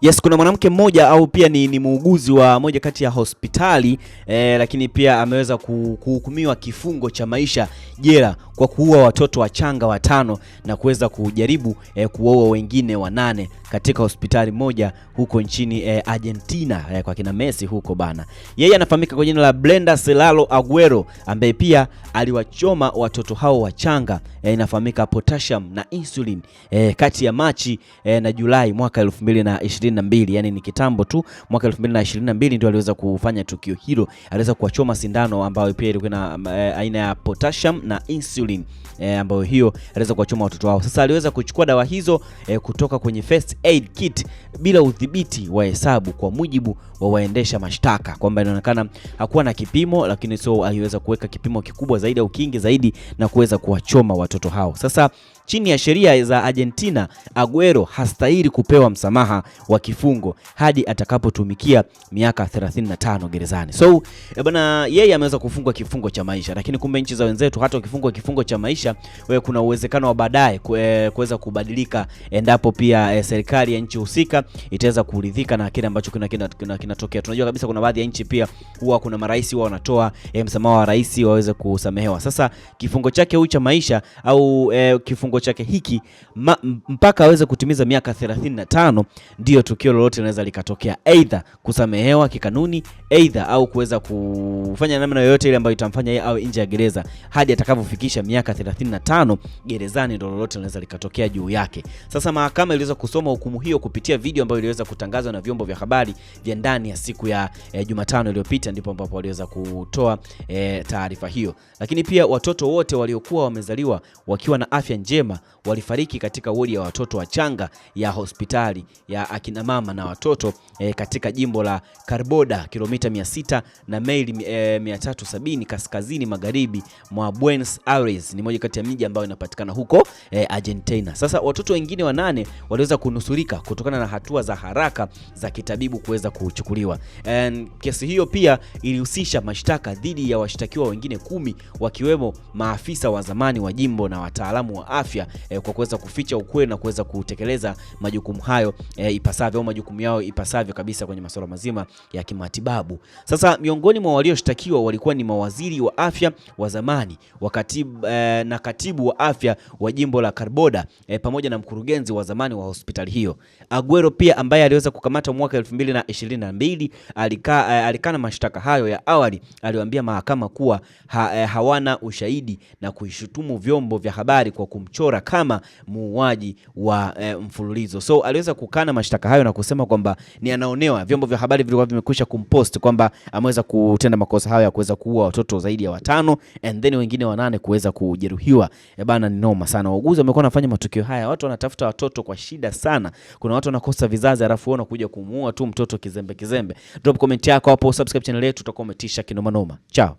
Yes, kuna mwanamke mmoja au pia ni, ni muuguzi wa moja kati ya hospitali eh, lakini pia ameweza kuhukumiwa kifungo cha maisha jela kwa kuua watoto wachanga watano na kuweza kujaribu eh, kuwaua wengine wanane katika hospitali moja huko nchini eh, Argentina eh, kwa kina Messi huko bana. Yeye anafahamika kwa jina la Brenda Celalo Aguero ambaye pia aliwachoma watoto hao wachanga eh, inafahamika potassium na insulin eh, kati ya Machi eh, na Julai mwaka 2020 2022, yani ni kitambo tu. Mwaka 2022 ndio aliweza kufanya tukio hilo, aliweza kuwachoma sindano ambayo pia ilikuwa na eh, aina ya potassium na insulin e, ambayo hiyo aliweza kuwachoma watoto wao. Sasa aliweza kuchukua dawa hizo e, kutoka kwenye first aid kit bila udhibiti wa hesabu, kwa mujibu wa waendesha mashtaka kwamba inaonekana hakuwa na kipimo, lakini sio aliweza kuweka kipimo kikubwa zaidi au kingi zaidi na kuweza kuwachoma watoto hao. Sasa chini ya sheria za Argentina, Aguero hastahili kupewa msamaha wa kifungo hadi atakapotumikia miaka 35 gerezani. So eh, bwana, yeye ameweza kufungwa kifungo cha maisha, lakini kumbe nchi za wenzetu hata ukifungwa kifungo cha maisha we, kuna uwezekano wa baadaye eh, kuweza kubadilika endapo pia e, serikali ya nchi husika itaweza kuridhika na kile ambacho kinatokea kina, kina, Tunajua kabisa kuna baadhi ya nchi pia huwa kuna marais huwa wanatoa e, msamaha wa rais waweze kusamehewa. Sasa kifungo chake huyu cha maisha au e, kifungo chake hiki ma, mpaka aweze kutimiza miaka 35 ndio tukio lolote linaweza likatokea, aidha kusamehewa kikanuni, aidha au kuweza kufanya namna yoyote ile ambayo itamfanya yeye awe nje ya gereza hadi atakavyofikisha miaka 35 gerezani, ndio lolote linaweza likatokea juu yake. Sasa mahakama iliweza kusoma hukumu hiyo kupitia video ambayo iliweza kutangazwa na vyombo vya habari vya ndani ya siku ya e, Jumatano iliyopita, ndipo ambapo waliweza kutoa e, taarifa hiyo. Lakini pia watoto wote waliokuwa wamezaliwa wakiwa na afya njema walifariki katika wodi ya watoto wachanga ya hospitali ya akina mama na watoto e, katika jimbo la Karboda kilomita 600 na maili e, 370 kaskazini magharibi mwa Buenos Aires. Ni moja kati ya miji ambayo inapatikana huko e, Argentina. Sasa watoto wengine wanane waliweza kunusurika kutokana na hatua za haraka za kitabibu kuweza kuchukuliwa. Kesi hiyo pia ilihusisha mashtaka dhidi ya washtakiwa wengine kumi wakiwemo maafisa wa zamani wa jimbo na wataalamu wa afya e, kwa kuweza kuficha ukweli na kuweza kutekeleza majukumu hayo e, ipasavyo au majukumu yao ipasavyo kabisa kwenye masuala mazima ya kimatibabu. Sasa miongoni mwa walioshtakiwa walikuwa ni mawaziri wa afya wa zamani wa katibu, eh, na katibu wa afya wa jimbo la Karboda eh, pamoja na mkurugenzi wa zamani wa hospitali hiyo. Aguero pia ambaye aliweza kukamata mwaka 2022 alikaa eh, alikana mashtaka hayo ya awali, aliwaambia mahakama kuwa ha, eh, hawana ushahidi na kuishutumu vyombo vya habari kwa kumchora kama muuaji wa eh, mfululizo. So aliweza kukana mashtaka mashtaka hayo na kusema kwamba ni anaonewa. Vyombo vya habari vilikuwa vimekwisha kumpost kwamba ameweza kutenda makosa hayo ya kuweza kuua watoto zaidi ya watano and then wengine wanane kuweza kujeruhiwa. E bana, ni noma sana. Wauguzi wamekuwa wanafanya matukio haya, watu wanatafuta watoto kwa shida sana. Kuna watu wanakosa vizazi, alafu wao kuja kumuua tu mtoto kizembe kizembe. Drop comment yako hapo, subscribe channel yetu, tutakuwa umetisha noma. Chao.